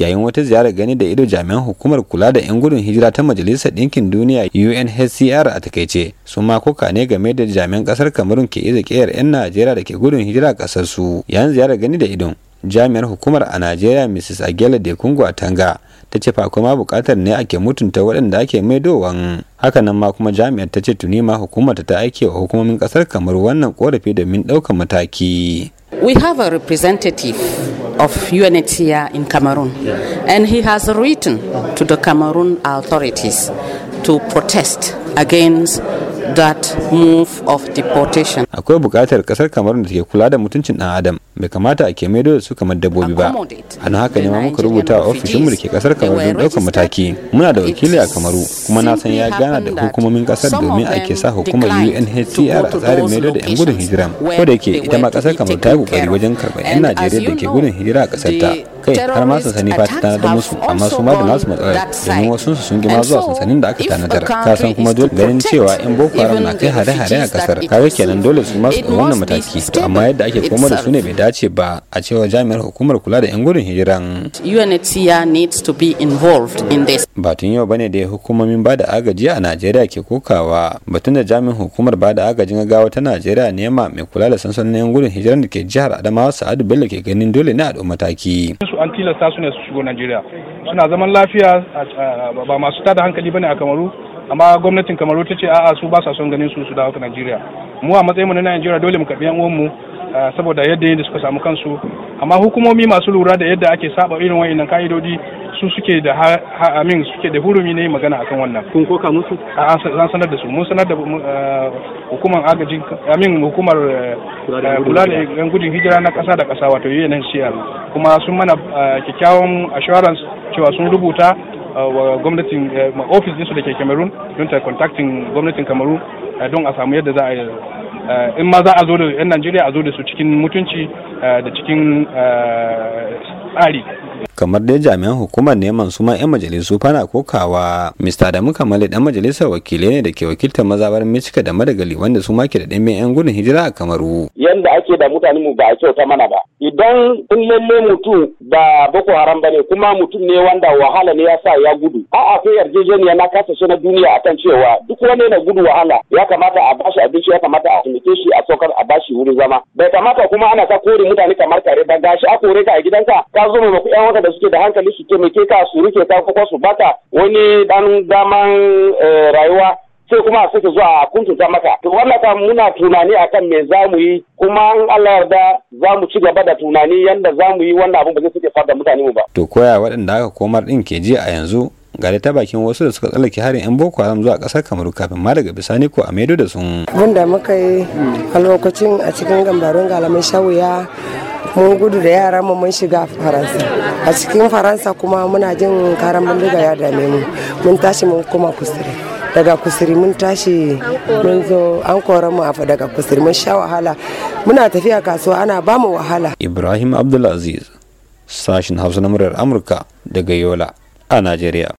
yayin wata ziyarar gani da ido jami'an hukumar kula da 'yan gudun hijira ta majalisar ɗinkin duniya unhcr a takaice su ma koka ne game da jami'an ƙasar kamarun ke iza ƙeyar 'yan najeriya da ke gudun hijira a ƙasar su yayin ziyarar gani da idon jami'ar hukumar a najeriya mrs agela de Kungwa tanga ta ce fa kuma buƙatar ne ake mutunta waɗanda ake maidowan hakanan ma kuma jami'ar ta ce tuni ma hukumar ta aike wa hukumomin ƙasar kamar wannan ƙorafi domin ɗaukar mataki we have a representative of UNHCR in Cameroon. Yeah. And he has written to the Cameroon authorities to protest against that move of deportation. Akwai bukatar kasar Cameroon da ke kula da mutuncin ɗan Adam bai kamata a ke da su kamar dabbobi ba a na haka ne ma muka rubuta a ofishin da kasar kamar don daukar mataki muna da wakili a kamaru kuma na san ya gana da hukumomin kasar domin a ke sa hukumar unhcr a tsarin maido da 'yan gudun hijira ko da yake ita ma kasar kamar ta yi kokari wajen karɓar 'yan najeriya da ke gudun hijira a kasar ta kai har ma sansani fa ta tanadar musu amma su ma da nasu matsalar domin wasu su sun gima zuwa sansanin da aka tanadar ka san kuma dole ganin cewa yan boko haram na kai hare-hare a kasar kawai kenan dole su ma su wannan mataki to amma yadda ake komar da su ne bai dace ba a cewa jami'ar hukumar kula da 'yan gudun hijiran. UNHCR needs to be involved in this. Batun yau bane da hukumomin ba da agaji a Najeriya ke kokawa. Batun da jami'in hukumar ba da agajin gaggawa ta Najeriya nema mai kula da sansanin 'yan gudun hijiran da ke jihar Adamawa Sa'adu Bello ke ganin dole ne a ɗau mataki. Su an tilasta su ne su shigo Najeriya. Suna zaman lafiya ba masu tada hankali bane a Kamaru amma gwamnatin Kamaru ta ce a'a su ba sa son ganin su su dawo Najeriya. Mu a matsayin mu na Najeriya dole mu karbi 'yan uwanmu saboda yadda yadda suka samu kansu amma hukumomi masu lura da yadda ake saba irin wa'annan ka'idodi su suke da amin suke da hurumi ne magana akan wannan kun koka musu a an sanar da su mun sanar da hukumar agajin amin hukumar kula da yan gudun hijira na kasa da kasa wato UNHCR kuma sun mana kyakkyawan assurance cewa sun rubuta wa gwamnatin ofis ɗinsu da ke Cameroon don ta contacting gwamnatin Cameroon don a samu yadda za a Eh, in ma za a zo da 'yan najeriya a zo da su cikin mutunci eh, da cikin eh, tsari kamar dai jami'an hukumar neman suma 'yan majalisu fana kokawa mr Adamu muka dan majalisar wakilai ne da ke wakiltar mazabar michika da madagali wanda su ke da ɗimbin 'yan gudun hijira a kamaru yanda ake da mutane mu ba a kyauta mana ba idan in lalle mutum ba boko haram ba ne, kuma mutum ne wanda wahala ne ya sa ya gudu a akwai yarjejeniya na kasashe na duniya akan cewa duk wani na gudu wahala ya kamata a bashi abinci ya kamata a taimake shi a saukar a bashi aiki wurin zama bai kamata kuma ana ta kore mutane kamar kare ba gashi a kore ka a gidanka ka zo mai maku yan da suke da hankali su taimake ka su rike ka ko su baka wani dan daman eh, rayuwa sai kuma a suke zuwa a ta maka to wannan muna tunani akan me za mu yi kuma an Allah yarda za mu ci gaba da tunani yanda za mu yi wannan abin ba zai suke fada mutane mu ba to koya waɗanda aka komar ɗin ke ji a yanzu ga ta bakin wasu da suka tsallake harin 'yan boko haram zuwa kasar kamaru kafin ma daga bisani ko a maido da sun da muka yi a lokacin a cikin gambarun galamin shawuya mun gudu da yara mu mun shiga faransa a cikin faransa kuma muna jin karan bindiga ya dame mu mun tashi mun kuma kusuri daga kusuri mun tashi mun zo an kora mu afa daga kusuri mun sha wahala muna tafiya kasuwa ana ba mu wahala ibrahim abdulaziz sashin hausa na murar amurka daga yola a najeriya